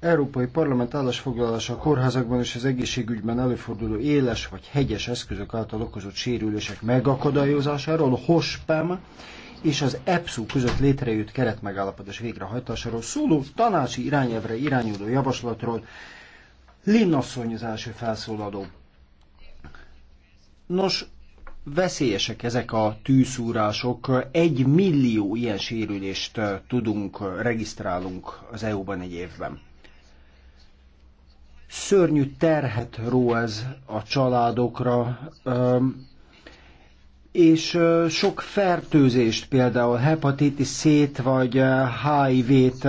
Európai Parlament állásfoglalása a kórházakban és az egészségügyben előforduló éles vagy hegyes eszközök által okozott sérülések megakadályozásáról, HOSPEM és az EPSU között létrejött keretmegállapodás végrehajtásáról szóló tanácsi irányelvre irányuló javaslatról. Linnasszony az első felszólaló. Nos, veszélyesek ezek a tűszúrások. Egy millió ilyen sérülést tudunk, regisztrálunk az EU-ban egy évben szörnyű terhet ró ez a családokra, és sok fertőzést, például hepatitis szét vagy HIV-t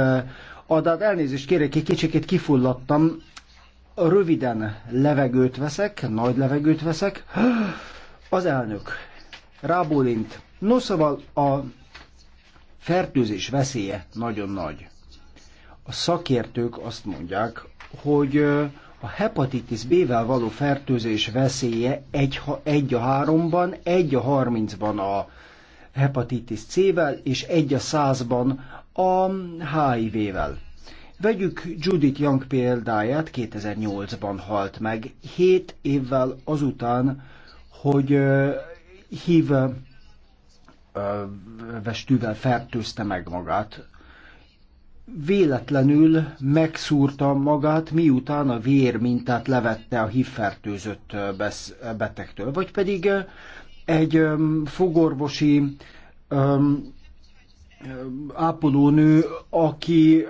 adat. Hát elnézést kérek, egy kicsikét kifulladtam. Röviden levegőt veszek, nagy levegőt veszek. Az elnök rábólint. No, szóval a fertőzés veszélye nagyon nagy. A szakértők azt mondják, hogy a hepatitis B-vel való fertőzés veszélye egy, egy a háromban, egy a harmincban a hepatitis C-vel, és egy a százban a HIV-vel. Vegyük Judith Young példáját, 2008-ban halt meg, 7 évvel azután, hogy uh, HIV vestűvel fertőzte meg magát véletlenül megszúrta magát, miután a vér mintát levette a hívfertőzött betegtől, vagy pedig egy fogorvosi ápolónő, aki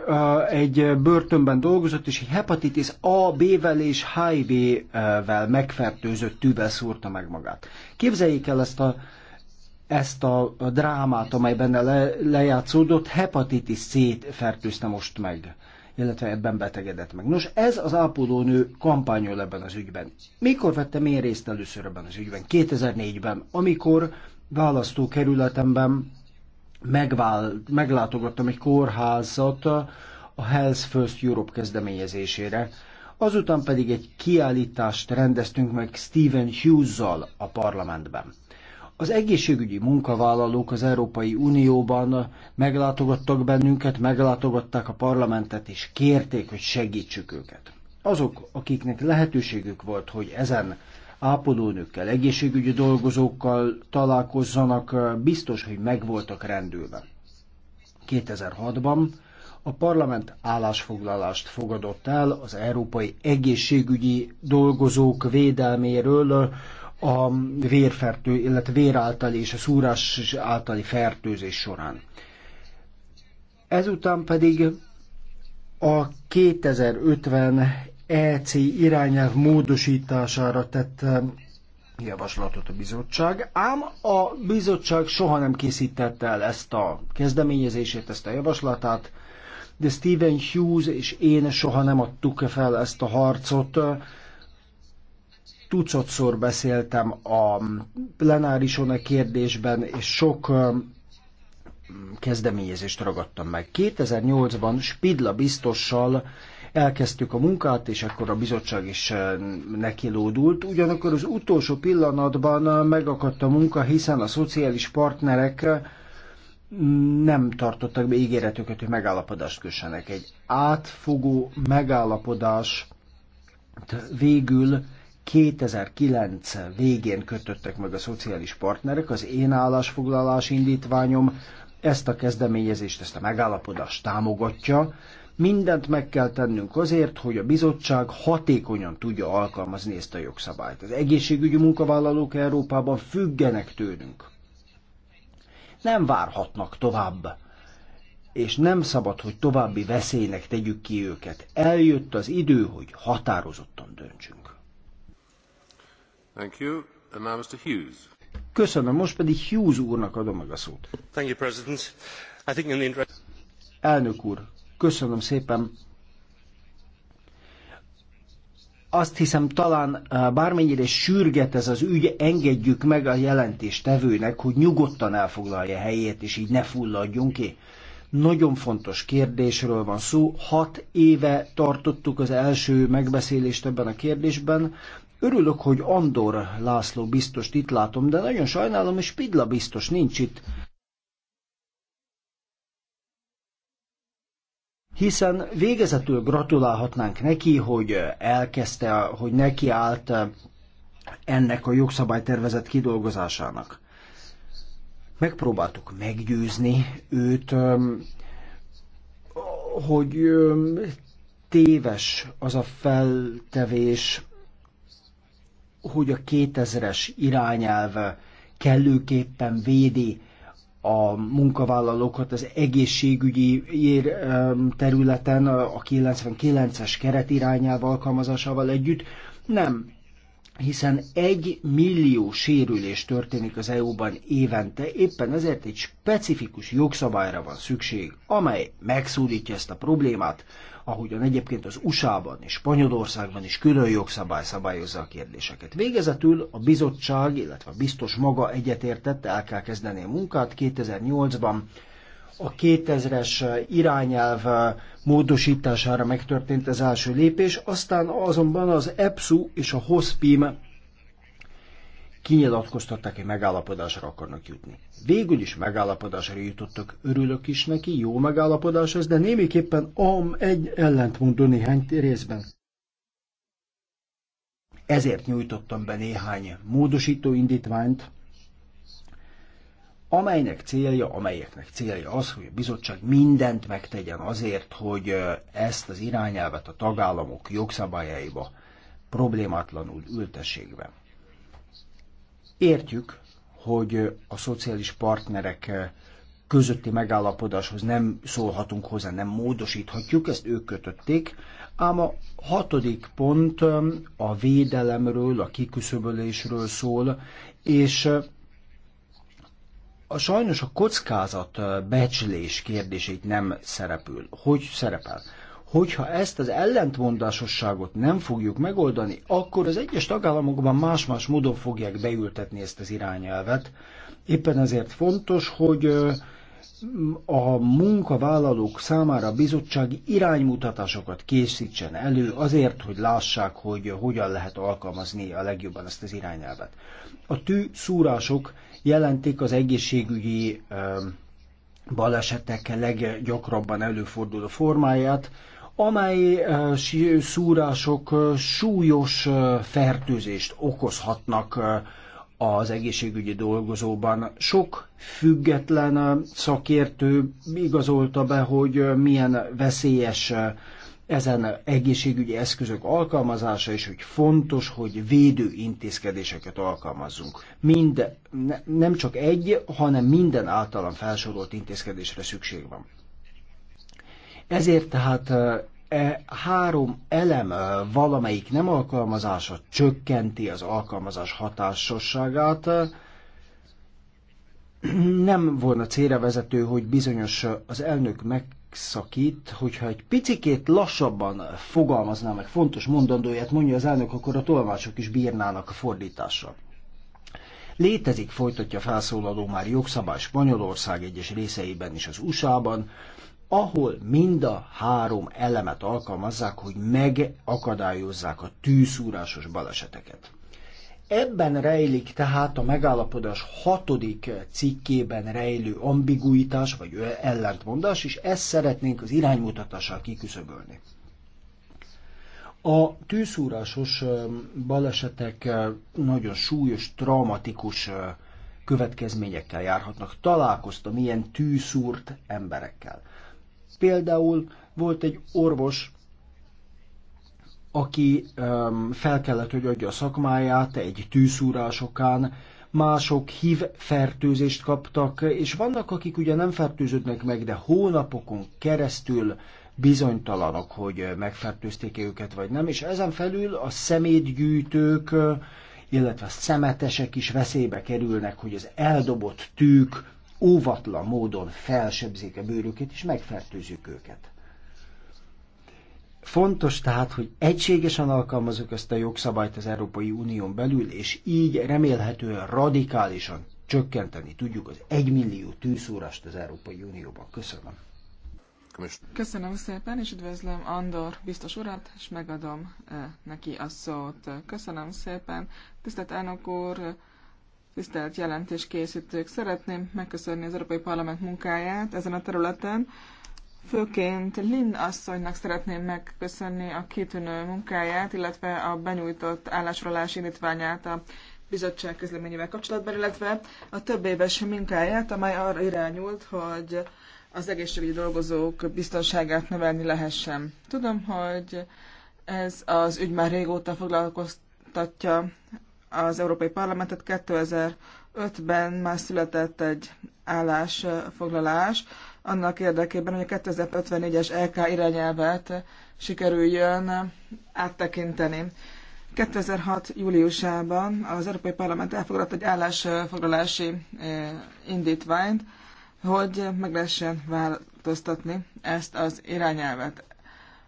egy börtönben dolgozott, és egy hepatitis A, B-vel és HIV-vel megfertőzött tűvel szúrta meg magát. Képzeljék el ezt a ezt a drámát, amely benne le, lejátszódott, hepatitis C-t fertőzte most meg illetve ebben betegedett meg. Nos, ez az ápolónő kampányol ebben az ügyben. Mikor vettem én részt először ebben az ügyben? 2004-ben, amikor választókerületemben megvál, meglátogattam egy kórházat a Health First Europe kezdeményezésére, azután pedig egy kiállítást rendeztünk meg Stephen Hughes-zal a parlamentben. Az egészségügyi munkavállalók az Európai Unióban meglátogattak bennünket, meglátogatták a parlamentet, és kérték, hogy segítsük őket. Azok, akiknek lehetőségük volt, hogy ezen ápolónőkkel, egészségügyi dolgozókkal találkozzanak, biztos, hogy megvoltak rendülve. 2006-ban a parlament állásfoglalást fogadott el az európai egészségügyi dolgozók védelméről, a vérfertő, illetve vér általi és a szúrás általi fertőzés során. Ezután pedig a 2050 EC irányelv módosítására tett um, javaslatot a bizottság, ám a bizottság soha nem készítette el ezt a kezdeményezését, ezt a javaslatát, de Stephen Hughes és én soha nem adtuk fel ezt a harcot, tucatszor beszéltem a plenárison a kérdésben, és sok kezdeményezést ragadtam meg. 2008-ban Spidla biztossal elkezdtük a munkát, és akkor a bizottság is nekilódult. Ugyanakkor az utolsó pillanatban megakadt a munka, hiszen a szociális partnerek nem tartottak be ígéretüket, hogy megállapodást kössenek. Egy átfogó megállapodás végül 2009 végén kötöttek meg a szociális partnerek, az én állásfoglalás indítványom ezt a kezdeményezést, ezt a megállapodást támogatja. Mindent meg kell tennünk azért, hogy a bizottság hatékonyan tudja alkalmazni ezt a jogszabályt. Az egészségügyi munkavállalók Európában függenek tőlünk. Nem várhatnak tovább és nem szabad, hogy további veszélynek tegyük ki őket. Eljött az idő, hogy határozottan döntsünk. Köszönöm, most pedig Hughes úrnak adom meg a szót. Thank you, President. I think in the interest... Elnök úr, köszönöm szépen. Azt hiszem, talán eh, bármennyire sürget ez az ügy, engedjük meg a tevőnek, hogy nyugodtan elfoglalja helyét, és így ne fulladjunk ki nagyon fontos kérdésről van szó. Hat éve tartottuk az első megbeszélést ebben a kérdésben, Örülök, hogy Andor László biztos itt látom, de nagyon sajnálom, és Pidla biztos nincs itt. Hiszen végezetül gratulálhatnánk neki, hogy elkezdte, hogy neki állt ennek a jogszabálytervezet kidolgozásának. Megpróbáltuk meggyőzni őt, hogy téves az a feltevés, hogy a 2000-es irányelv kellőképpen védi a munkavállalókat az egészségügyi ér eh, területen a 99-es keret irányelv alkalmazásával együtt. Nem hiszen egy millió sérülés történik az EU-ban évente, éppen ezért egy specifikus jogszabályra van szükség, amely megszólítja ezt a problémát, ahogyan egyébként az USA-ban és Spanyolországban is külön jogszabály szabályozza a kérdéseket. Végezetül a bizottság, illetve a biztos maga egyetértette, el kell kezdeni a munkát 2008-ban, a 2000-es irányelv módosítására megtörtént az első lépés, aztán azonban az EPSU és a HOSPIM kinyilatkoztatták, hogy megállapodásra akarnak jutni. Végül is megállapodásra jutottak, örülök is neki, jó megállapodás ez, de némiképpen am egy ellentmondó néhány részben. Ezért nyújtottam be néhány módosító indítványt, amelynek célja, amelyeknek célja az, hogy a bizottság mindent megtegyen azért, hogy ezt az irányelvet a tagállamok jogszabályaiba problémátlanul ültessék be. Értjük, hogy a szociális partnerek közötti megállapodáshoz nem szólhatunk hozzá, nem módosíthatjuk, ezt ők kötötték, ám a hatodik pont a védelemről, a kiküszöbölésről szól, és a sajnos a kockázat becslés kérdését nem szerepül. Hogy szerepel? Hogyha ezt az ellentmondásosságot nem fogjuk megoldani, akkor az egyes tagállamokban más-más módon fogják beültetni ezt az irányelvet. Éppen ezért fontos, hogy a munkavállalók számára a bizottság iránymutatásokat készítsen elő azért, hogy lássák, hogy hogyan lehet alkalmazni a legjobban ezt az irányelvet. A tű szúrások jelentik az egészségügyi balesetek leggyakrabban előforduló formáját, amely szúrások súlyos fertőzést okozhatnak az egészségügyi dolgozóban. Sok független szakértő igazolta be, hogy milyen veszélyes ezen egészségügyi eszközök alkalmazása, és hogy fontos, hogy védő intézkedéseket alkalmazzunk. Mind, ne, nem csak egy, hanem minden általam felsorolt intézkedésre szükség van. Ezért tehát e három elem e, valamelyik nem alkalmazása csökkenti az alkalmazás hatásosságát, nem volna célra vezető, hogy bizonyos az elnök meg megszakít, hogyha egy picikét lassabban fogalmazná meg fontos mondandóját, mondja az elnök, akkor a tolmácsok is bírnának a fordítással. Létezik, folytatja felszólaló már jogszabály Spanyolország egyes részeiben és az USA-ban, ahol mind a három elemet alkalmazzák, hogy megakadályozzák a tűszúrásos baleseteket. Ebben rejlik tehát a megállapodás hatodik cikkében rejlő ambiguitás vagy ellentmondás, és ezt szeretnénk az iránymutatással kiküszöbölni. A tűzúrásos balesetek nagyon súlyos, traumatikus következményekkel járhatnak. Találkoztam ilyen tűszúrt emberekkel. Például volt egy orvos, aki fel kellett, hogy adja a szakmáját egy tűszúrásokán, mások hív fertőzést kaptak, és vannak, akik ugye nem fertőződnek meg, de hónapokon keresztül bizonytalanok, hogy megfertőzték -e őket vagy nem, és ezen felül a szemétgyűjtők, illetve a szemetesek is veszélybe kerülnek, hogy az eldobott tűk óvatlan módon felsebzik a bőrüket, és megfertőzik őket. Fontos tehát, hogy egységesen alkalmazzuk ezt a jogszabályt az Európai Unión belül, és így remélhetően radikálisan csökkenteni tudjuk az egymillió tűzúrást az Európai Unióban. Köszönöm. Köszönöm szépen, és üdvözlöm Andor biztos urat, és megadom eh, neki a szót. Köszönöm szépen. Tisztelt elnök úr, tisztelt jelentéskészítők, szeretném megköszönni az Európai Parlament munkáját ezen a területen. Főként Lynn asszonynak szeretném megköszönni a kitűnő munkáját, illetve a benyújtott állásrólási indítványát a bizottság közleményével kapcsolatban, illetve a több éves munkáját, amely arra irányult, hogy az egészségügyi dolgozók biztonságát növelni lehessen. Tudom, hogy ez az ügy már régóta foglalkoztatja az Európai Parlamentet. 2005-ben már született egy állásfoglalás annak érdekében, hogy a 2054-es LK e irányelvet sikerüljön áttekinteni. 2006. júliusában az Európai Parlament elfogadott egy állásfoglalási eh, indítványt, hogy meg lehessen változtatni ezt az irányelvet.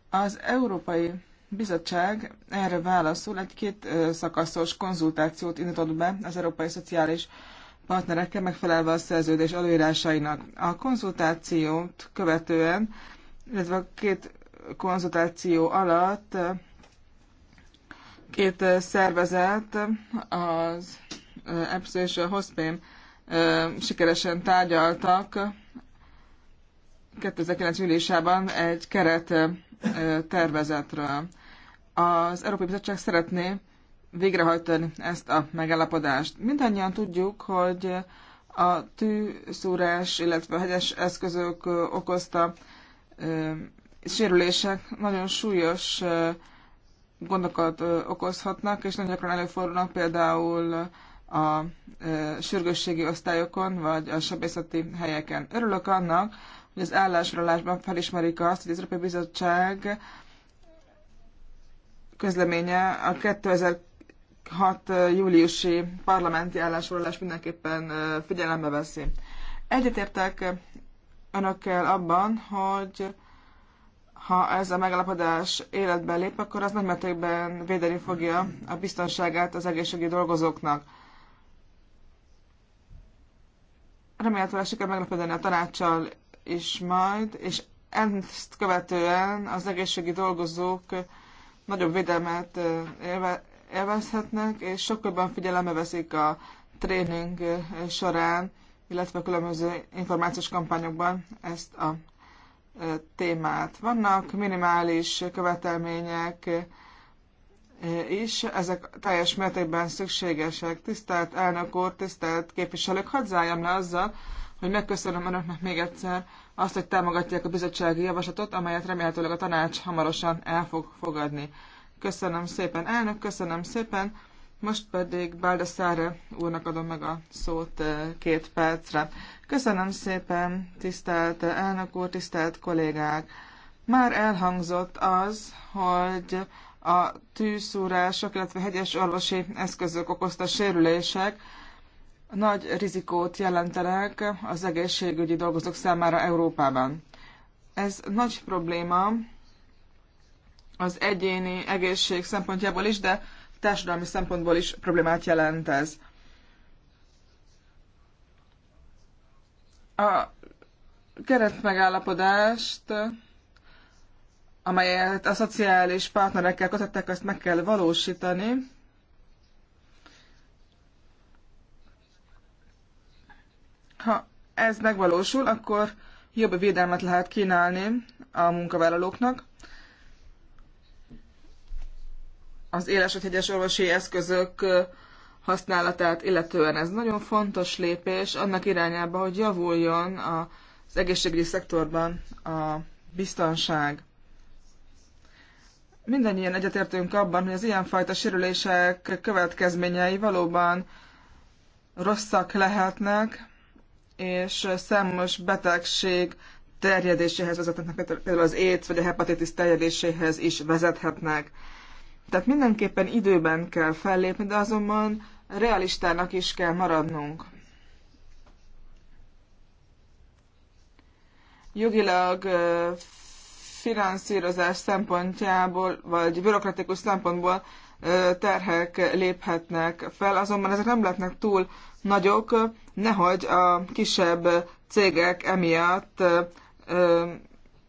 Az Európai Bizottság erre válaszul egy két eh, szakaszos konzultációt indított be az Európai Szociális partnerekkel megfelelve a szerződés előírásainak. A konzultációt követően, illetve a két konzultáció alatt két szervezet, az EPSZ és a HOSPÉM sikeresen tárgyaltak 2009 ülésában egy keret tervezetről. Az Európai Bizottság szeretné végrehajtani ezt a megállapodást. Mindannyian tudjuk, hogy a tűszúrás, illetve a hegyes eszközök okozta sérülések nagyon súlyos gondokat okozhatnak, és nagyon gyakran előfordulnak például a sürgősségi osztályokon, vagy a sebészeti helyeken. Örülök annak, hogy az állásrólásban felismerik azt, hogy az Európai Bizottság közleménye a 2000 júliusi parlamenti állásolás mindenképpen figyelembe veszi. Egyetértek önökkel abban, hogy ha ez a megállapodás életbe lép, akkor az nagymértékben védeni fogja a biztonságát az egészségügyi dolgozóknak. Remélhetőleg sikerül meglepődni a tanácssal is majd, és ezt követően az egészségügyi dolgozók nagyobb védelmet élvezhetnek, és sokkal jobban figyelembe veszik a tréning során, illetve a különböző információs kampányokban ezt a témát. Vannak minimális követelmények is, ezek teljes mértékben szükségesek. Tisztelt elnök úr, tisztelt képviselők, hadd zárjam le azzal, hogy megköszönöm önöknek még egyszer azt, hogy támogatják a bizottsági javaslatot, amelyet remélhetőleg a tanács hamarosan el fog fogadni. Köszönöm szépen, elnök, köszönöm szépen. Most pedig Baldassare úrnak adom meg a szót eh, két percre. Köszönöm szépen, tisztelt elnök úr, tisztelt kollégák! Már elhangzott az, hogy a tűszúrások, illetve hegyes orvosi eszközök okozta sérülések nagy rizikót jelentenek az egészségügyi dolgozók számára Európában. Ez nagy probléma, az egyéni egészség szempontjából is, de társadalmi szempontból is problémát jelent ez. A keretmegállapodást, amelyet a szociális partnerekkel kötöttek, azt meg kell valósítani. Ha ez megvalósul, akkor jobb védelmet lehet kínálni a munkavállalóknak, az élesethegyes orvosi eszközök használatát illetően. Ez nagyon fontos lépés annak irányába, hogy javuljon az egészségügyi szektorban a biztonság. Mindannyian egyetértünk abban, hogy az ilyenfajta sérülések következményei valóban rosszak lehetnek, és számos betegség terjedéséhez vezethetnek, például az AIDS vagy a hepatitis terjedéséhez is vezethetnek. Tehát mindenképpen időben kell fellépni, de azonban realistának is kell maradnunk. Jogilag finanszírozás szempontjából, vagy bürokratikus szempontból terhek léphetnek fel, azonban ezek nem lehetnek túl nagyok, nehogy a kisebb cégek emiatt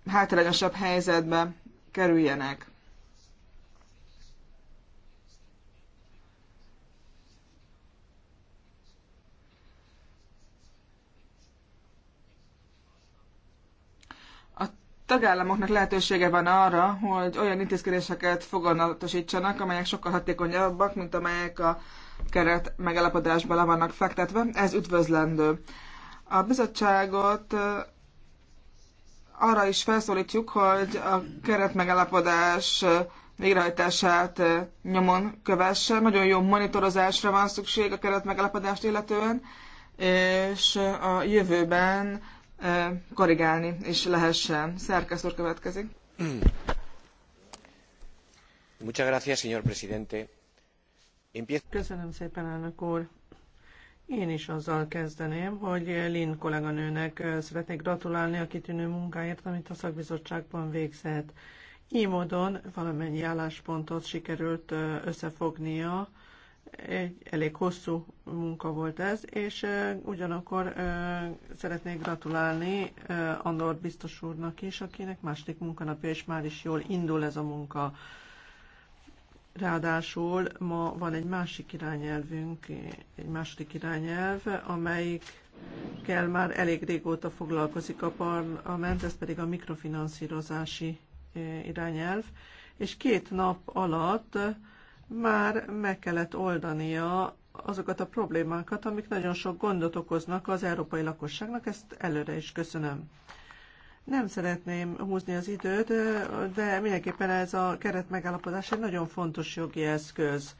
hátrányosabb helyzetbe kerüljenek. tagállamoknak lehetősége van arra, hogy olyan intézkedéseket foganatosítsanak, amelyek sokkal hatékonyabbak, mint amelyek a keret megállapodásban le vannak fektetve. Ez üdvözlendő. A bizottságot arra is felszólítjuk, hogy a keret megállapodás végrehajtását nyomon kövesse. Nagyon jó monitorozásra van szükség a keret megállapodást illetően, és a jövőben Eh, korrigálni és lehessen. Szerkesz úr következik. Muchas gracias, señor presidente. Köszönöm szépen, elnök úr. Én is azzal kezdeném, hogy Lin kolléganőnek eh, szeretnék gratulálni a kitűnő munkáért, amit a szakbizottságban végzett. Így módon valamennyi álláspontot sikerült eh, összefognia, egy elég hosszú munka volt ez, és ugyanakkor szeretnék gratulálni Andor biztos úrnak is, akinek második munkanapja, és már is jól indul ez a munka. Ráadásul ma van egy másik irányelvünk, egy második irányelv, amelyik kell már elég régóta foglalkozik a parlament, ez pedig a mikrofinanszírozási irányelv, és két nap alatt már meg kellett oldania azokat a problémákat, amik nagyon sok gondot okoznak az európai lakosságnak, ezt előre is köszönöm. Nem szeretném húzni az időt, de mindenképpen ez a keretmegállapodás egy nagyon fontos jogi eszköz.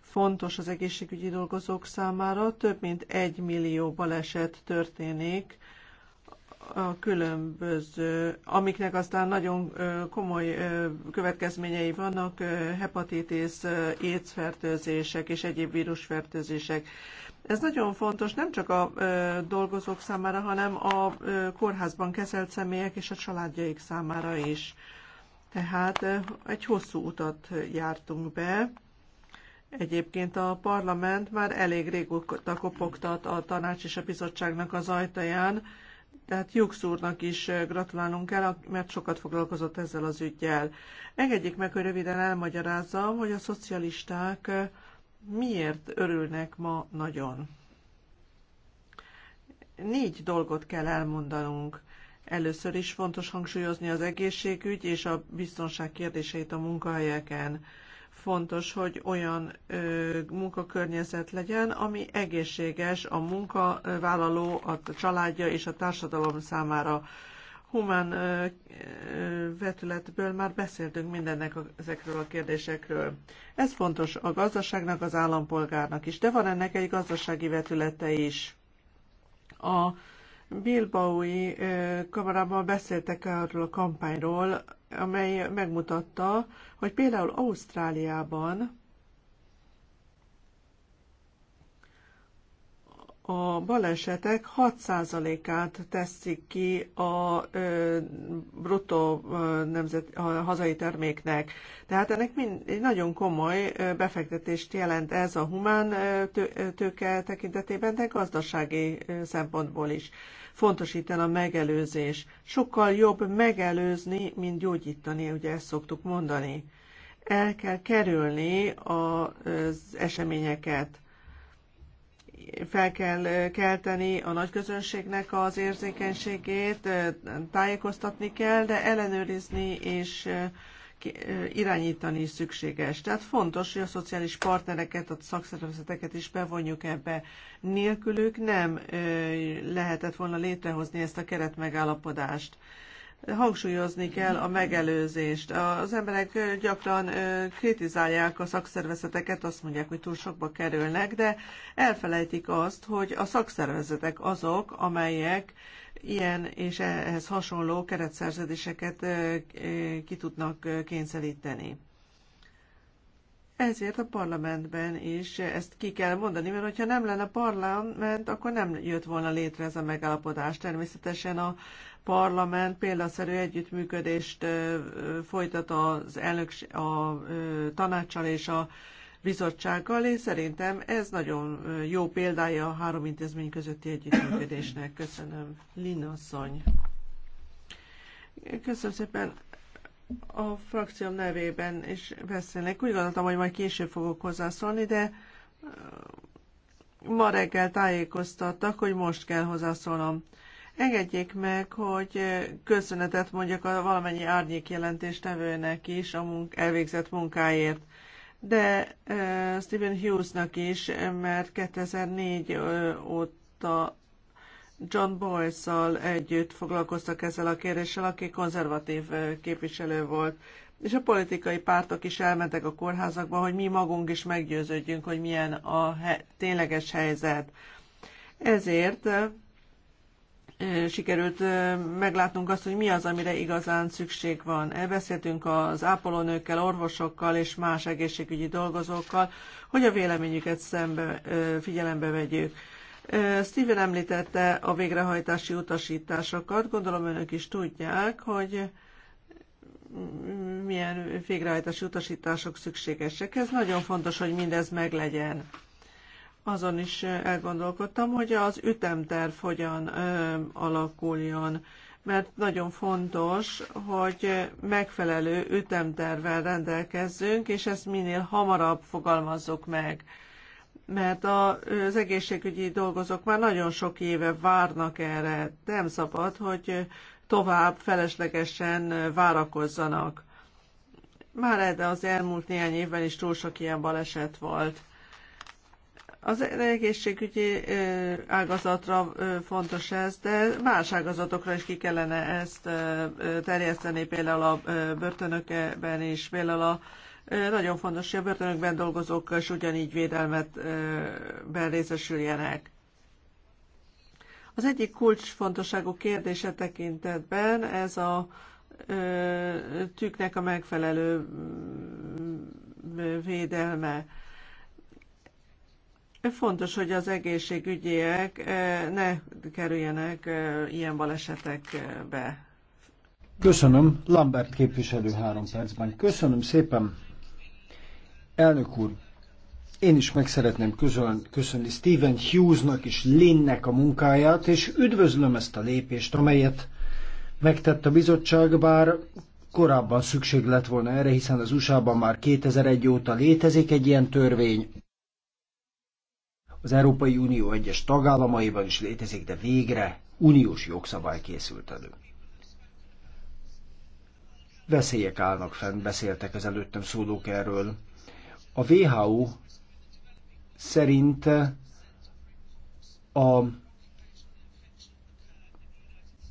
Fontos az egészségügyi dolgozók számára, több mint egy millió baleset történik a különböző, amiknek aztán nagyon komoly következményei vannak, hepatitis, étfertőzések és egyéb vírusfertőzések. Ez nagyon fontos nem csak a dolgozók számára, hanem a kórházban kezelt személyek és a családjaik számára is. Tehát egy hosszú utat jártunk be. Egyébként a parlament már elég régóta kopogtat a tanács és a bizottságnak az ajtaján, tehát Jux úrnak is gratulálnunk kell, mert sokat foglalkozott ezzel az ügyjel. Engedjék meg, hogy röviden elmagyarázzam, hogy a szocialisták miért örülnek ma nagyon. Négy dolgot kell elmondanunk. Először is fontos hangsúlyozni az egészségügy és a biztonság kérdéseit a munkahelyeken fontos, hogy olyan ö, munkakörnyezet legyen, ami egészséges a munkavállaló, a családja és a társadalom számára. Humán ö, ö, vetületből már beszéltünk mindennek a, ezekről a kérdésekről. Ez fontos a gazdaságnak, az állampolgárnak is, de van ennek egy gazdasági vetülete is. A Bilbaui kamarában beszéltek arról a kampányról, amely megmutatta, hogy például Ausztráliában a balesetek 6%-át teszik ki a ö, bruttó ö, nemzet, a hazai terméknek. Tehát ennek mind, egy nagyon komoly ö, befektetést jelent ez a humán ö, tőke tekintetében, de gazdasági ö, szempontból is. Fontos itt a megelőzés. Sokkal jobb megelőzni, mint gyógyítani, ugye ezt szoktuk mondani. El kell kerülni az eseményeket fel kell kelteni a nagyközönségnek az érzékenységét, tájékoztatni kell, de ellenőrizni és irányítani is szükséges. Tehát fontos, hogy a szociális partnereket, a szakszervezeteket is bevonjuk ebbe. Nélkülük nem lehetett volna létrehozni ezt a keretmegállapodást hangsúlyozni kell a megelőzést. Az emberek gyakran kritizálják a szakszervezeteket, azt mondják, hogy túl sokba kerülnek, de elfelejtik azt, hogy a szakszervezetek azok, amelyek ilyen és ehhez hasonló keretszerződéseket ki tudnak kényszeríteni. Ezért a parlamentben is ezt ki kell mondani, mert hogyha nem lenne parlament, akkor nem jött volna létre ez a megállapodás. Természetesen a parlament példaszerű együttműködést folytat az elnöks, a tanácsal és a bizottsággal, és szerintem ez nagyon jó példája a három intézmény közötti együttműködésnek. Köszönöm. Lina asszony. Köszönöm szépen a frakcióm nevében is beszélnek. Úgy gondoltam, hogy majd később fogok hozzászólni, de ma reggel tájékoztattak, hogy most kell hozzászólnom. Engedjék meg, hogy köszönetet mondjak a valamennyi árnyék jelentéstevőnek is a munk elvégzett munkáért de Stephen Hughesnak is, mert 2004 óta John Boyce-szal együtt foglalkoztak ezzel a kérdéssel, aki konzervatív képviselő volt. És a politikai pártok is elmentek a kórházakba, hogy mi magunk is meggyőződjünk, hogy milyen a he- tényleges helyzet. Ezért sikerült meglátnunk azt, hogy mi az, amire igazán szükség van. Elbeszéltünk az ápolónőkkel, orvosokkal és más egészségügyi dolgozókkal, hogy a véleményüket szembe, figyelembe vegyük. Steven említette a végrehajtási utasításokat. Gondolom önök is tudják, hogy milyen végrehajtási utasítások szükségesek. Ez nagyon fontos, hogy mindez meglegyen azon is elgondolkodtam, hogy az ütemterv hogyan ö, alakuljon, mert nagyon fontos, hogy megfelelő ütemtervvel rendelkezzünk, és ezt minél hamarabb fogalmazzuk meg. Mert a, az egészségügyi dolgozók már nagyon sok éve várnak erre, nem szabad, hogy tovább feleslegesen várakozzanak. Már erre az elmúlt néhány évben is túl sok ilyen baleset volt az egészségügyi ágazatra fontos ez, de más ágazatokra is ki kellene ezt terjeszteni, például a börtönökben is, például a nagyon fontos, hogy a börtönökben dolgozók is ugyanígy védelmet részesüljenek. Az egyik kulcsfontosságú kérdése tekintetben ez a tüknek a megfelelő védelme Fontos, hogy az egészségügyiek eh, ne kerüljenek eh, ilyen balesetekbe. Köszönöm, Lambert képviselő három percben. Köszönöm szépen, elnök úr. Én is meg szeretném köszönni Stephen Hughesnak és Linnek a munkáját, és üdvözlöm ezt a lépést, amelyet megtett a bizottság, bár korábban szükség lett volna erre, hiszen az USA-ban már 2001 óta létezik egy ilyen törvény, az Európai Unió egyes tagállamaiban is létezik, de végre uniós jogszabály készült elő. Veszélyek állnak fenn, beszéltek az előttem szólók erről. A WHO szerint a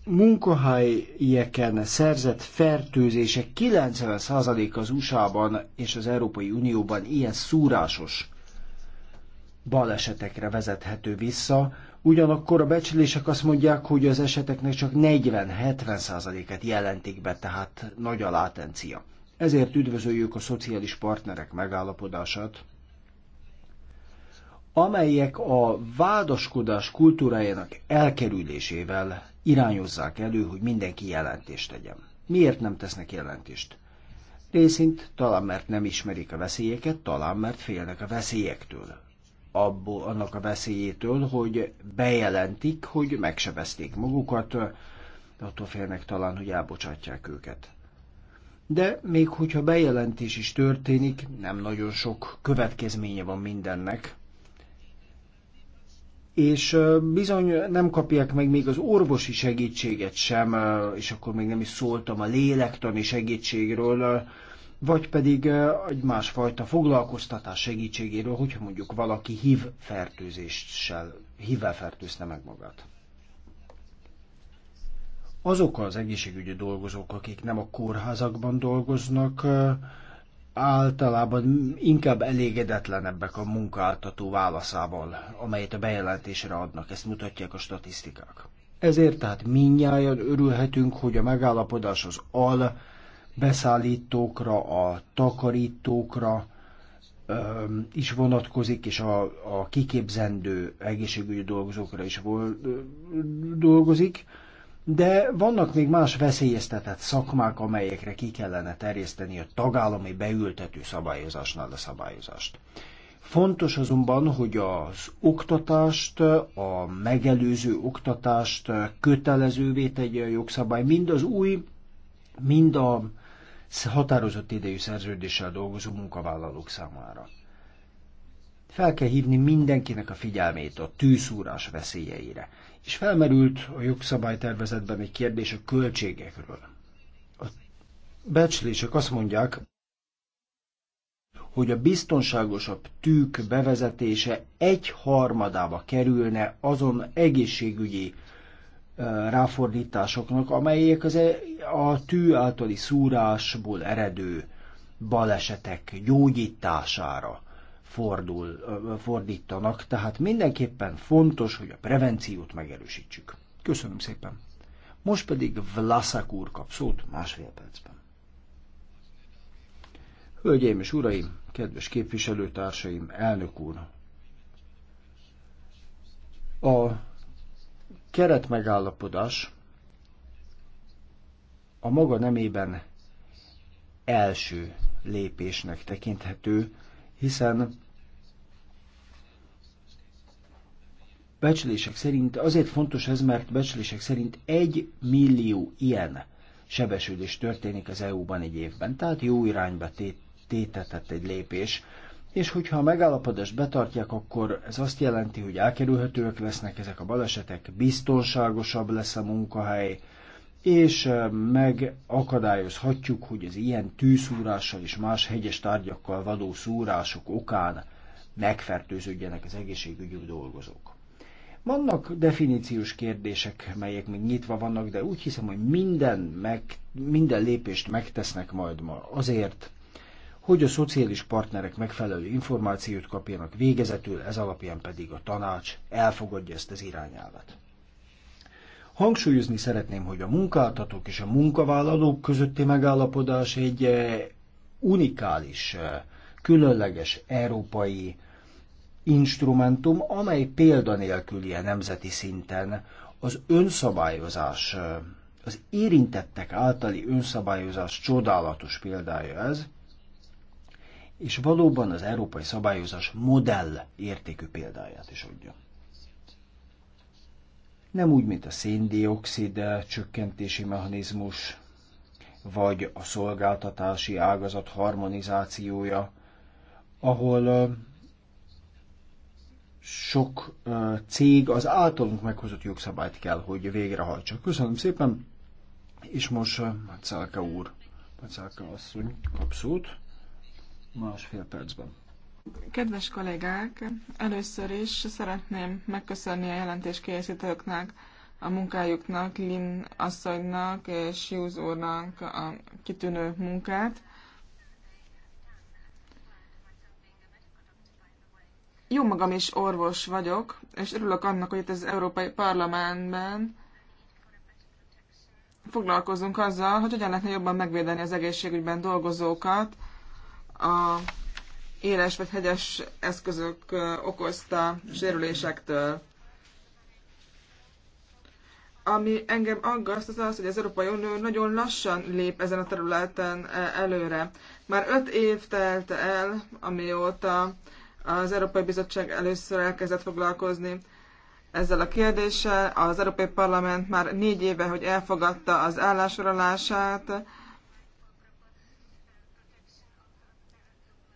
munkahelyeken szerzett fertőzések 90%-a az USA-ban és az Európai Unióban ilyen szúrásos balesetekre vezethető vissza, ugyanakkor a becslések azt mondják, hogy az eseteknek csak 40-70%-et jelentik be, tehát nagy a látencia. Ezért üdvözöljük a szociális partnerek megállapodását, amelyek a vádaskodás kultúrájának elkerülésével irányozzák elő, hogy mindenki jelentést tegyen. Miért nem tesznek jelentést? Részint talán mert nem ismerik a veszélyeket, talán mert félnek a veszélyektől abból, annak a veszélyétől, hogy bejelentik, hogy megsebezték magukat, de attól félnek talán, hogy elbocsátják őket. De még hogyha bejelentés is történik, nem nagyon sok következménye van mindennek, és bizony nem kapják meg még az orvosi segítséget sem, és akkor még nem is szóltam a lélektani segítségről, vagy pedig egy másfajta foglalkoztatás segítségéről, hogyha mondjuk valaki hív fertőzéssel, hívvel fertőzte meg magát. Azok az egészségügyi dolgozók, akik nem a kórházakban dolgoznak, általában inkább elégedetlenebbek a munkáltató válaszával, amelyet a bejelentésre adnak, ezt mutatják a statisztikák. Ezért tehát minnyáján örülhetünk, hogy a megállapodás az al beszállítókra, a takarítókra is vonatkozik, és a, a kiképzendő egészségügyi dolgozókra is dolgozik. De vannak még más veszélyeztetett szakmák, amelyekre ki kellene terjeszteni a tagállami beültető szabályozásnál a szabályozást. Fontos azonban, hogy az oktatást, a megelőző oktatást kötelezővé tegye a jogszabály, mind az új, mind a határozott idejű szerződéssel dolgozó munkavállalók számára. Fel kell hívni mindenkinek a figyelmét a tűszúrás veszélyeire. És felmerült a jogszabálytervezetben egy kérdés a költségekről. A becslések azt mondják, hogy a biztonságosabb tűk bevezetése egy harmadába kerülne azon egészségügyi ráfordításoknak, amelyek az e, a tű általi szúrásból eredő balesetek gyógyítására fordul, fordítanak, tehát mindenképpen fontos, hogy a prevenciót megerősítsük. Köszönöm szépen. Most pedig Vlaszak úr kap szót másfél percben. Hölgyeim és uraim, kedves képviselőtársaim, elnök úr! A keretmegállapodás a maga nemében első lépésnek tekinthető, hiszen becslések szerint, azért fontos ez, mert becslések szerint egy millió ilyen sebesülés történik az EU-ban egy évben. Tehát jó irányba tétetett egy lépés és hogyha a megállapodást betartják, akkor ez azt jelenti, hogy elkerülhetőek lesznek ezek a balesetek, biztonságosabb lesz a munkahely, és megakadályozhatjuk, hogy az ilyen tűszúrással és más hegyes tárgyakkal vadó szúrások okán megfertőződjenek az egészségügyi dolgozók. Vannak definíciós kérdések, melyek még nyitva vannak, de úgy hiszem, hogy minden, meg, minden lépést megtesznek majd ma azért, hogy a szociális partnerek megfelelő információt kapjanak végezetül, ez alapján pedig a tanács elfogadja ezt az irányelvet. Hangsúlyozni szeretném, hogy a munkáltatók és a munkavállalók közötti megállapodás egy eh, unikális, eh, különleges európai instrumentum, amely példanélküli a nemzeti szinten az önszabályozás, eh, az érintettek általi önszabályozás csodálatos példája ez, és valóban az európai szabályozás modell értékű példáját is adja. Nem úgy, mint a széndiokszid csökkentési mechanizmus, vagy a szolgáltatási ágazat harmonizációja, ahol sok cég az általunk meghozott jogszabályt kell, hogy végrehajtsa. Köszönöm szépen, és most Macelka úr, Macelka asszony kap szót másfél percben. Kedves kollégák, először is szeretném megköszönni a jelentés készítőknek, a munkájuknak, Lin asszonynak és Júz úrnak a kitűnő munkát. Jó magam is orvos vagyok, és örülök annak, hogy itt az Európai Parlamentben foglalkozunk azzal, hogy hogyan lehetne jobban megvédeni az egészségügyben dolgozókat, a éles vagy hegyes eszközök okozta sérülésektől. Ami engem aggaszt, az az, hogy az Európai Unió nagyon lassan lép ezen a területen előre. Már öt év telt el, amióta az Európai Bizottság először elkezdett foglalkozni ezzel a kérdéssel. Az Európai Parlament már négy éve, hogy elfogadta az állásorolását,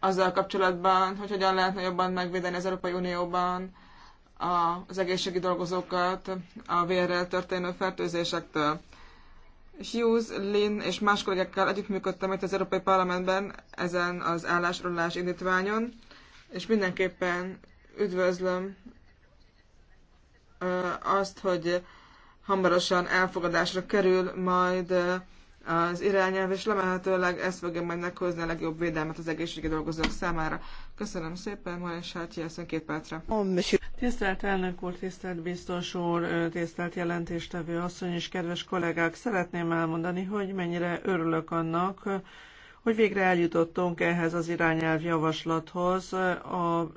azzal kapcsolatban, hogy hogyan lehetne jobban megvédeni az Európai Unióban az egészségi dolgozókat a vérrel történő fertőzésektől. Hughes, Lin és más kollégákkal együttműködtem itt az Európai Parlamentben ezen az állásrólás indítványon, és mindenképpen üdvözlöm azt, hogy hamarosan elfogadásra kerül majd az irányelv, és lemehetőleg ezt fogja majd meghozni a legjobb védelmet az egészségügyi dolgozók számára. Köszönöm szépen, Morin Sátyi, két percre. Tisztelt elnök úr, tisztelt biztos úr, tisztelt jelentéstevő asszony és kedves kollégák, szeretném elmondani, hogy mennyire örülök annak, hogy végre eljutottunk ehhez az irányelv javaslathoz a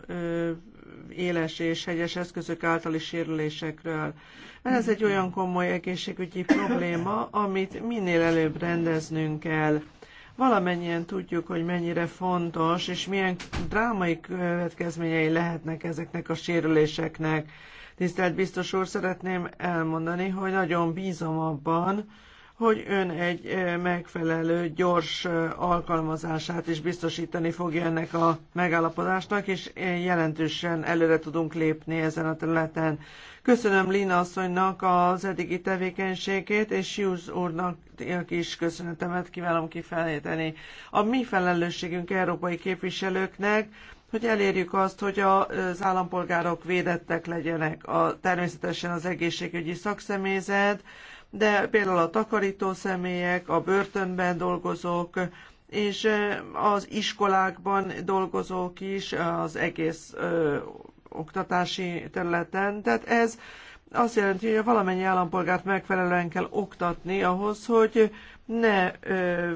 éles és hegyes eszközök általi sérülésekről. Ez egy olyan komoly egészségügyi probléma, amit minél előbb rendeznünk kell. Valamennyien tudjuk, hogy mennyire fontos, és milyen drámai következményei lehetnek ezeknek a sérüléseknek. Tisztelt biztos úr, szeretném elmondani, hogy nagyon bízom abban, hogy ön egy megfelelő gyors alkalmazását is biztosítani fogja ennek a megállapodásnak, és jelentősen előre tudunk lépni ezen a területen. Köszönöm Lina asszonynak az eddigi tevékenységét, és Hughes úrnak kis köszönetemet kívánom kifejteni. A mi felelősségünk európai képviselőknek, hogy elérjük azt, hogy az állampolgárok védettek legyenek. A, természetesen az egészségügyi szakszemélyzet, de például a takarító személyek, a börtönben dolgozók, és az iskolákban dolgozók is az egész ö, oktatási területen. Tehát ez azt jelenti, hogy valamennyi állampolgárt megfelelően kell oktatni ahhoz, hogy ne ö,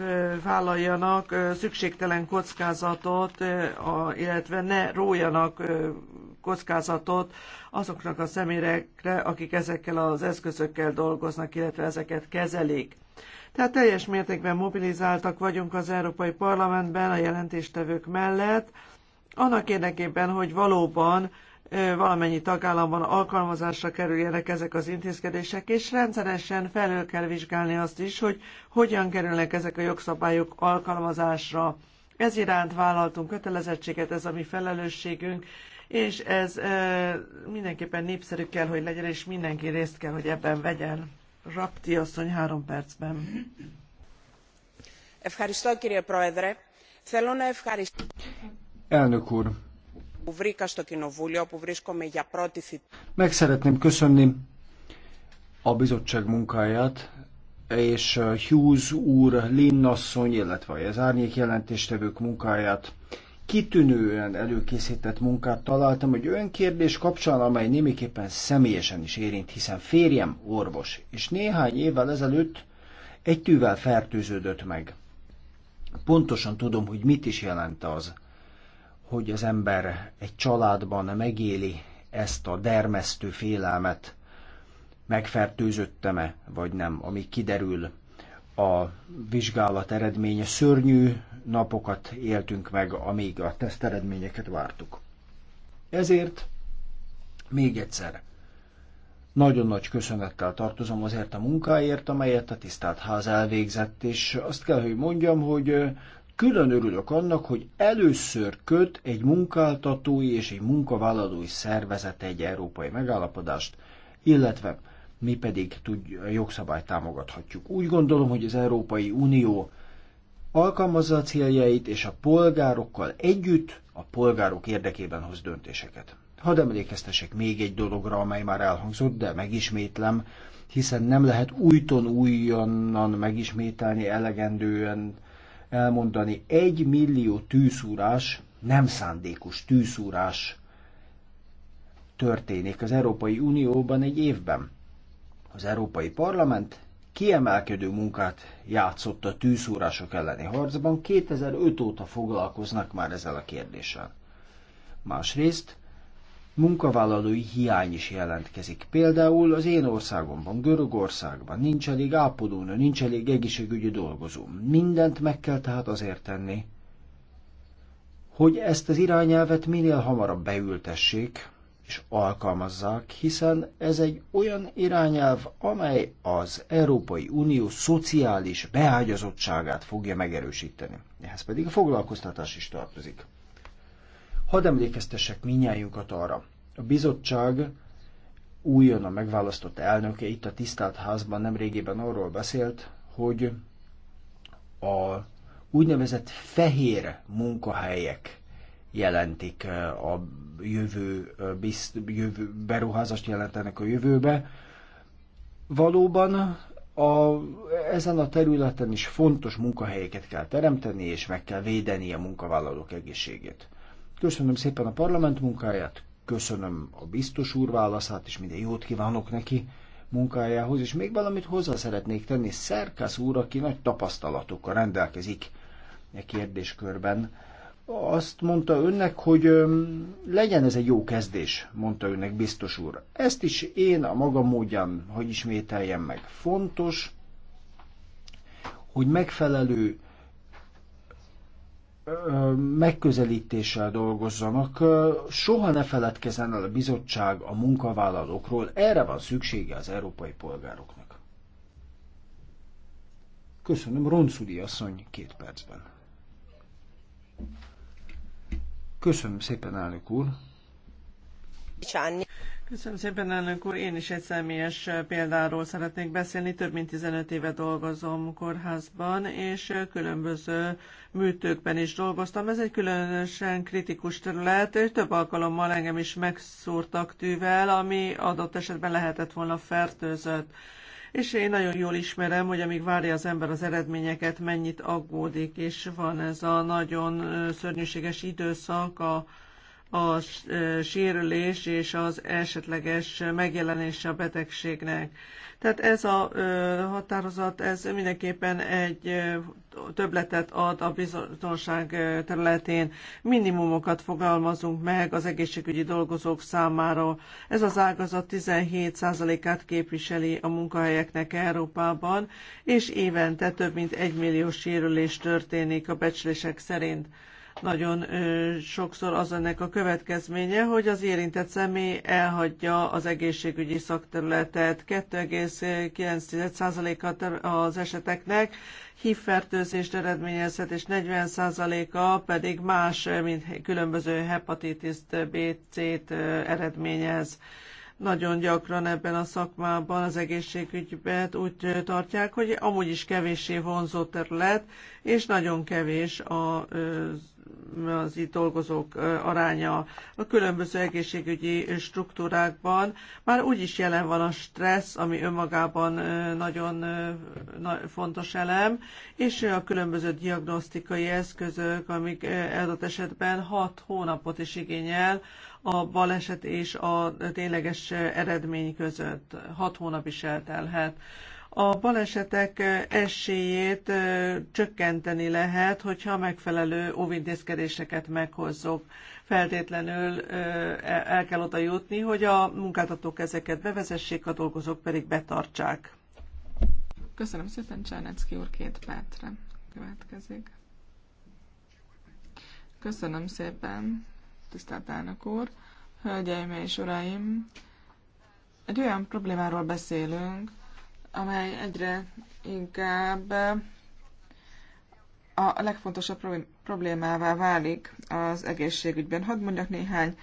ö, vállaljanak ö, szükségtelen kockázatot, ö, a, illetve ne rójanak ö, kockázatot azoknak a személyekre, akik ezekkel az eszközökkel dolgoznak, illetve ezeket kezelik. Tehát teljes mértékben mobilizáltak vagyunk az Európai Parlamentben a jelentéstevők mellett, annak érdekében, hogy valóban valamennyi tagállamban alkalmazásra kerüljenek ezek az intézkedések, és rendszeresen felül kell vizsgálni azt is, hogy hogyan kerülnek ezek a jogszabályok alkalmazásra. Ez iránt vállaltunk kötelezettséget, ez a mi felelősségünk, és ez mindenképpen népszerű kell, hogy legyen, és mindenki részt kell, hogy ebben vegyen. Rapti asszony három percben. Elnök úr, meg szeretném köszönni a bizottság munkáját, és Hughes úr, Linn asszony, illetve az árnyék jelentéstevők munkáját kitűnően előkészített munkát találtam hogy olyan kérdés kapcsán, amely némiképpen személyesen is érint, hiszen férjem orvos, és néhány évvel ezelőtt egy tűvel fertőződött meg. Pontosan tudom, hogy mit is jelent az, hogy az ember egy családban megéli ezt a dermesztő félelmet, megfertőzöttem-e, vagy nem, ami kiderül a vizsgálat eredménye. Szörnyű napokat éltünk meg, amíg a teszt eredményeket vártuk. Ezért még egyszer nagyon nagy köszönettel tartozom azért a munkáért, amelyet a tisztelt ház elvégzett, és azt kell, hogy mondjam, hogy külön örülök annak, hogy először köt egy munkáltatói és egy munkavállalói szervezet egy európai megállapodást, illetve mi pedig tud, a jogszabályt támogathatjuk. Úgy gondolom, hogy az Európai Unió alkalmazza a céljait, és a polgárokkal együtt a polgárok érdekében hoz döntéseket. Hadd emlékeztesek még egy dologra, amely már elhangzott, de megismétlem, hiszen nem lehet újton újonnan megismételni elegendően elmondani. Egy millió tűszúrás, nem szándékos tűszúrás történik az Európai Unióban egy évben. Az Európai Parlament kiemelkedő munkát játszott a tűzúrások elleni harcban, 2005 óta foglalkoznak már ezzel a kérdéssel. Másrészt munkavállalói hiány is jelentkezik. Például az én országomban, Görögországban nincs elég ápolónő, nincs elég egészségügyi dolgozó. Mindent meg kell tehát azért tenni, hogy ezt az irányelvet minél hamarabb beültessék, és alkalmazzák, hiszen ez egy olyan irányelv, amely az Európai Unió szociális beágyazottságát fogja megerősíteni. Ehhez pedig a foglalkoztatás is tartozik. Hadd emlékeztessek minnyájukat arra. A bizottság újonnan megválasztott elnöke itt a tisztelt házban nemrégében arról beszélt, hogy a úgynevezett fehér munkahelyek jelentik a jövő, bizt, jövő beruházást jelentenek a jövőbe. Valóban a, ezen a területen is fontos munkahelyeket kell teremteni, és meg kell védeni a munkavállalók egészségét. Köszönöm szépen a parlament munkáját, köszönöm a biztos úr válaszát, és minden jót kívánok neki munkájához, és még valamit hozzá szeretnék tenni. Szerkász úr, aki nagy tapasztalatokkal rendelkezik e kérdéskörben, azt mondta önnek, hogy legyen ez egy jó kezdés, mondta önnek biztos úr. Ezt is én a maga módján, hogy ismételjem meg. Fontos, hogy megfelelő megközelítéssel dolgozzanak, soha ne feledkezzen el a bizottság a munkavállalókról, erre van szüksége az európai polgároknak. Köszönöm, Roncudi asszony két percben. Köszönöm szépen, elnök úr! Köszönöm szépen, elnök úr. Én is egy személyes példáról szeretnék beszélni. Több mint 15 éve dolgozom kórházban, és különböző műtőkben is dolgoztam. Ez egy különösen kritikus terület, és több alkalommal engem is megszúrtak tűvel, ami adott esetben lehetett volna fertőzött és én nagyon jól ismerem, hogy amíg várja az ember az eredményeket, mennyit aggódik, és van ez a nagyon szörnyűséges időszak a a e, sérülés és az esetleges megjelenése a betegségnek. Tehát ez a e, határozat, ez mindenképpen egy e, töbletet ad a biztonság területén. Minimumokat fogalmazunk meg az egészségügyi dolgozók számára. Ez az ágazat 17%-át képviseli a munkahelyeknek Európában, és évente több mint egy millió sérülés történik a becslések szerint nagyon sokszor az ennek a következménye, hogy az érintett személy elhagyja az egészségügyi szakterületet. 2,9%-a az eseteknek hívfertőzést eredményezhet, és 40%-a pedig más, mint különböző hepatitis B-t eredményez nagyon gyakran ebben a szakmában, az egészségügyben úgy tartják, hogy amúgy is kevéssé vonzó terület, és nagyon kevés a az itt dolgozók aránya a különböző egészségügyi struktúrákban. Már úgy is jelen van a stressz, ami önmagában nagyon fontos elem, és a különböző diagnosztikai eszközök, amik adott esetben 6 hónapot is igényel a baleset és a tényleges eredmény között. 6 hónap is eltelhet. A balesetek esélyét csökkenteni lehet, hogyha megfelelő óvintézkedéseket meghozzuk. Feltétlenül e, el kell oda jutni, hogy a munkáltatók ezeket bevezessék, a dolgozók pedig betartsák. Köszönöm szépen, Csánecki úr, két percre következik. Köszönöm szépen, tisztelt elnök úr, hölgyeim és uraim! Egy olyan problémáról beszélünk, amely egyre inkább a legfontosabb problémává válik az egészségügyben. Hadd mondjak néhány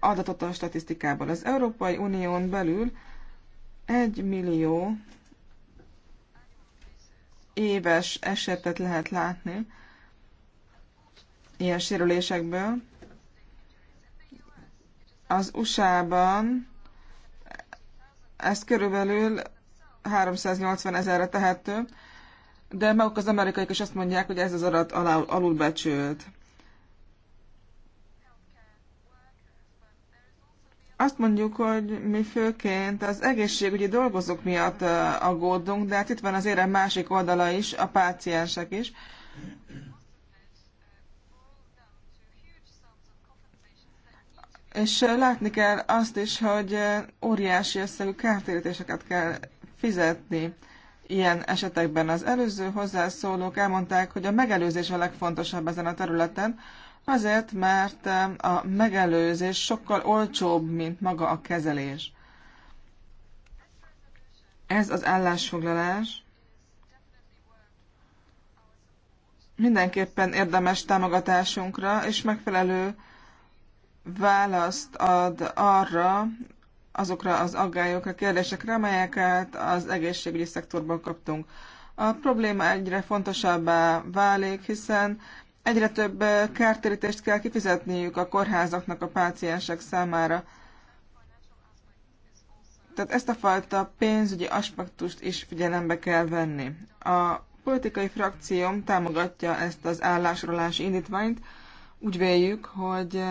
adatot a statisztikából. Az Európai Unión belül 1 millió éves esetet lehet látni ilyen sérülésekből. Az USA-ban ez körülbelül 380 ezerre tehető, de maguk az amerikaiak is azt mondják, hogy ez az adat alul, alulbecsült. Azt mondjuk, hogy mi főként az egészségügyi dolgozók miatt aggódunk, de hát itt van az érem másik oldala is, a páciensek is. És látni kell azt is, hogy óriási összegű kártérítéseket kell fizetni ilyen esetekben. Az előző hozzászólók elmondták, hogy a megelőzés a legfontosabb ezen a területen, azért, mert eh, a megelőzés sokkal olcsóbb, mint maga a kezelés. Ez az állásfoglalás mindenképpen érdemes támogatásunkra, és megfelelő választ ad arra, azokra az aggályokra, kérdésekre, amelyeket az egészségügyi szektorban kaptunk. A probléma egyre fontosabbá válik, hiszen egyre több kártérítést kell kifizetniük a kórházaknak a páciensek számára. Tehát ezt a fajta pénzügyi aspektust is figyelembe kell venni. A politikai frakcióm támogatja ezt az állásrólási indítványt. Úgy véljük, hogy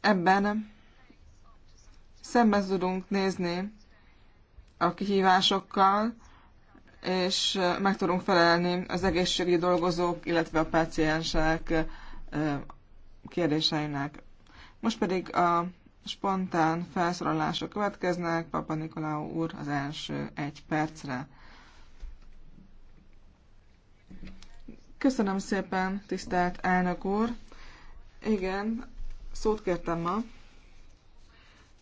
ebben szembe tudunk nézni a kihívásokkal, és meg tudunk felelni az egészségügyi dolgozók, illetve a páciensek kérdéseinek. Most pedig a spontán felszólalások következnek. Papa Nikolau úr az első egy percre. Köszönöm szépen, tisztelt elnök úr. Igen, szót kértem ma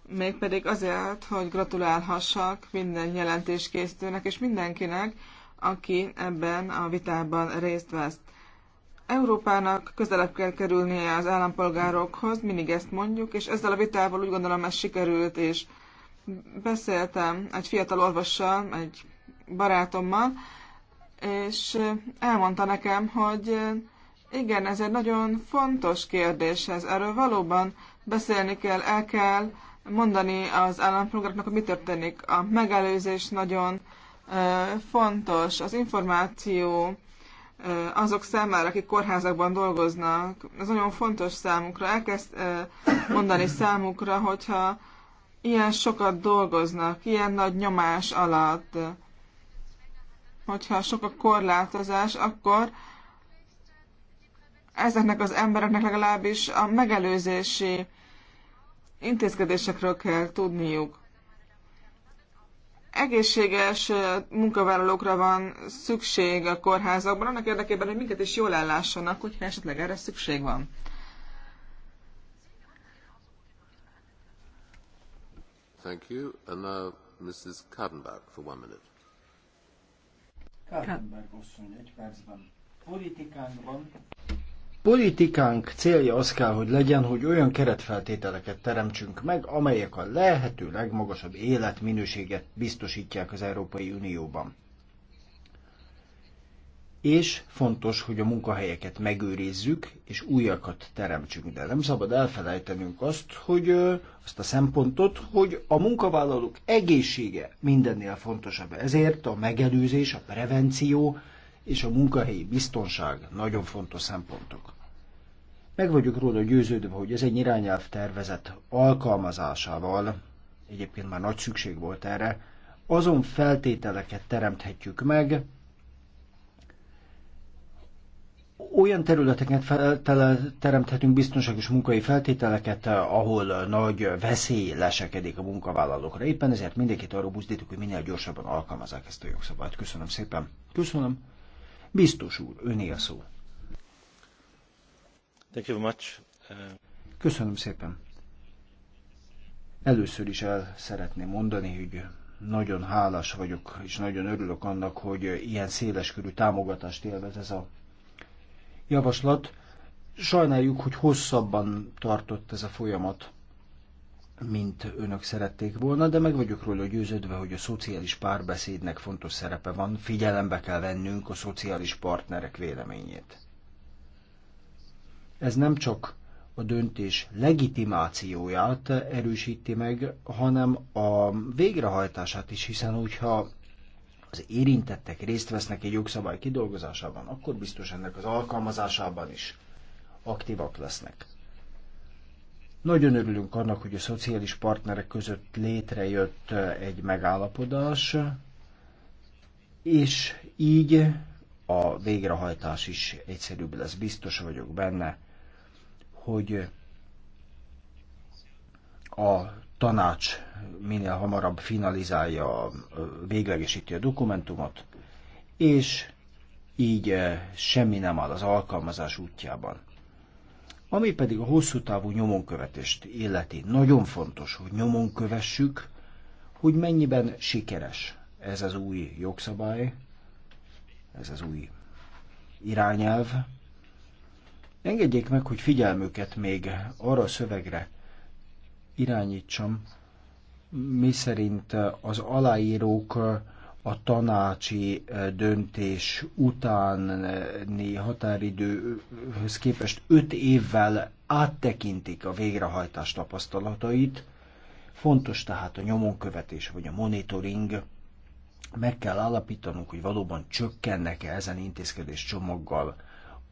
mégpedig azért, hogy gratulálhassak minden jelentéskészítőnek és mindenkinek, aki ebben a vitában részt vesz. Európának közelebb kell kerülnie az állampolgárokhoz, mindig ezt mondjuk, és ezzel a vitával úgy gondolom ez sikerült, és beszéltem egy fiatal orvossal, egy barátommal, és elmondta nekem, hogy igen, ez egy nagyon fontos kérdés, ez erről valóban beszélni kell, el kell mondani az állampolgároknak, hogy mi történik. A megelőzés nagyon fontos, az információ azok számára, akik kórházakban dolgoznak, ez nagyon fontos számukra. Elkezd mondani számukra, hogyha ilyen sokat dolgoznak, ilyen nagy nyomás alatt, hogyha sok a korlátozás, akkor ezeknek az embereknek legalábbis a megelőzési intézkedésekről kell tudniuk. Egészséges munkavállalókra van szükség a kórházakban, annak érdekében, hogy minket is jól ellássanak, hogyha esetleg erre szükség van. Thank you. And now Mrs. Kadenbach for one minute. Kadenbach asszony, egy percben. Politikánkban politikánk célja az kell, hogy legyen, hogy olyan keretfeltételeket teremtsünk meg, amelyek a lehető legmagasabb életminőséget biztosítják az Európai Unióban. És fontos, hogy a munkahelyeket megőrizzük, és újakat teremtsünk. De nem szabad elfelejtenünk azt, hogy azt a szempontot, hogy a munkavállalók egészsége mindennél fontosabb. Ezért a megelőzés, a prevenció és a munkahelyi biztonság nagyon fontos szempontok. Meg vagyok róla győződve, hogy ez egy irányelv tervezet alkalmazásával, egyébként már nagy szükség volt erre, azon feltételeket teremthetjük meg, olyan területeket feltele, teremthetünk biztonságos munkai feltételeket, ahol nagy veszély lesekedik a munkavállalókra. Éppen ezért mindenkit arról buzdítok, hogy minél gyorsabban alkalmazzák ezt a jogszabályt. Köszönöm szépen. Köszönöm. Biztos úr, öné a szó. Thank you much. Köszönöm szépen. Először is el szeretném mondani, hogy nagyon hálás vagyok, és nagyon örülök annak, hogy ilyen széleskörű támogatást élvez ez a javaslat. Sajnáljuk, hogy hosszabban tartott ez a folyamat, mint önök szerették volna, de meg vagyok róla győződve, hogy a szociális párbeszédnek fontos szerepe van, figyelembe kell vennünk a szociális partnerek véleményét. Ez nem csak a döntés legitimációját erősíti meg, hanem a végrehajtását is, hiszen hogyha az érintettek részt vesznek egy jogszabály kidolgozásában, akkor biztos ennek az alkalmazásában is aktívak lesznek. Nagyon örülünk annak, hogy a szociális partnerek között létrejött egy megállapodás, és így a végrehajtás is egyszerűbb lesz, biztos vagyok benne, hogy a tanács minél hamarabb finalizálja, véglegesíti a dokumentumot, és így eh, semmi nem áll az alkalmazás útjában. Ami pedig a hosszú távú nyomonkövetést illeti, nagyon fontos, hogy nyomon kövessük, hogy mennyiben sikeres ez az új jogszabály, ez az új irányelv, Engedjék meg, hogy figyelmüket még arra a szövegre irányítsam, mi szerint az aláírók a tanácsi döntés utáni határidőhöz képest öt évvel áttekintik a végrehajtás tapasztalatait. Fontos tehát a nyomonkövetés vagy a monitoring. Meg kell állapítanunk, hogy valóban csökkennek-e ezen intézkedés csomaggal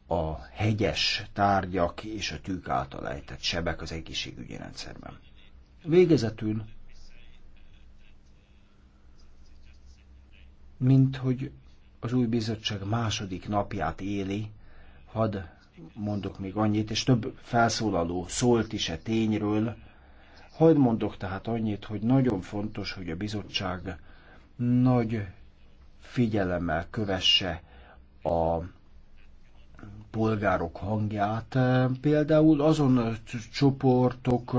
a hegyes tárgyak és a tűk által ejtett sebek az egészségügyi rendszerben. Végezetül, mint hogy az új bizottság második napját éli, hadd mondok még annyit, és több felszólaló szólt is e tényről, hadd mondok tehát annyit, hogy nagyon fontos, hogy a bizottság nagy figyelemmel kövesse a polgárok hangját. Például azon csoportok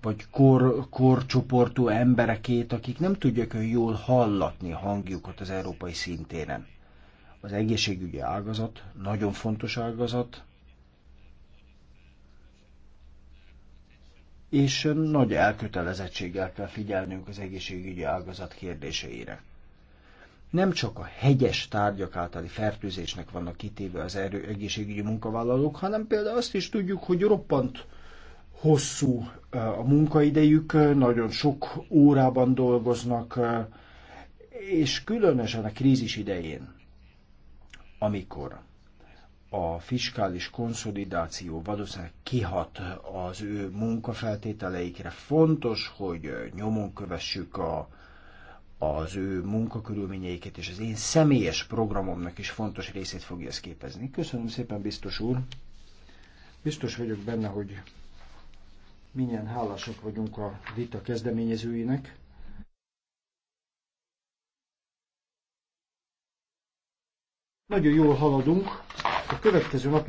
vagy kor, korcsoportú emberekét, akik nem tudják hogy jól hallatni hangjukat az európai szintéren. Az egészségügyi ágazat nagyon fontos ágazat, és nagy elkötelezettséggel kell figyelnünk az egészségügyi ágazat kérdéseire nem csak a hegyes tárgyak általi fertőzésnek vannak kitéve az erő egészségügyi munkavállalók, hanem például azt is tudjuk, hogy roppant hosszú a munkaidejük, nagyon sok órában dolgoznak, és különösen a krízis idején, amikor a fiskális konszolidáció valószínűleg kihat az ő munkafeltételeikre. Fontos, hogy nyomon kövessük a az ő munkakörülményeiket és az én személyes programomnak is fontos részét fogja ezt képezni. Köszönöm szépen, biztos úr! Biztos vagyok benne, hogy milyen hálásak vagyunk a vita kezdeményezőinek. Nagyon jól haladunk. A következő napi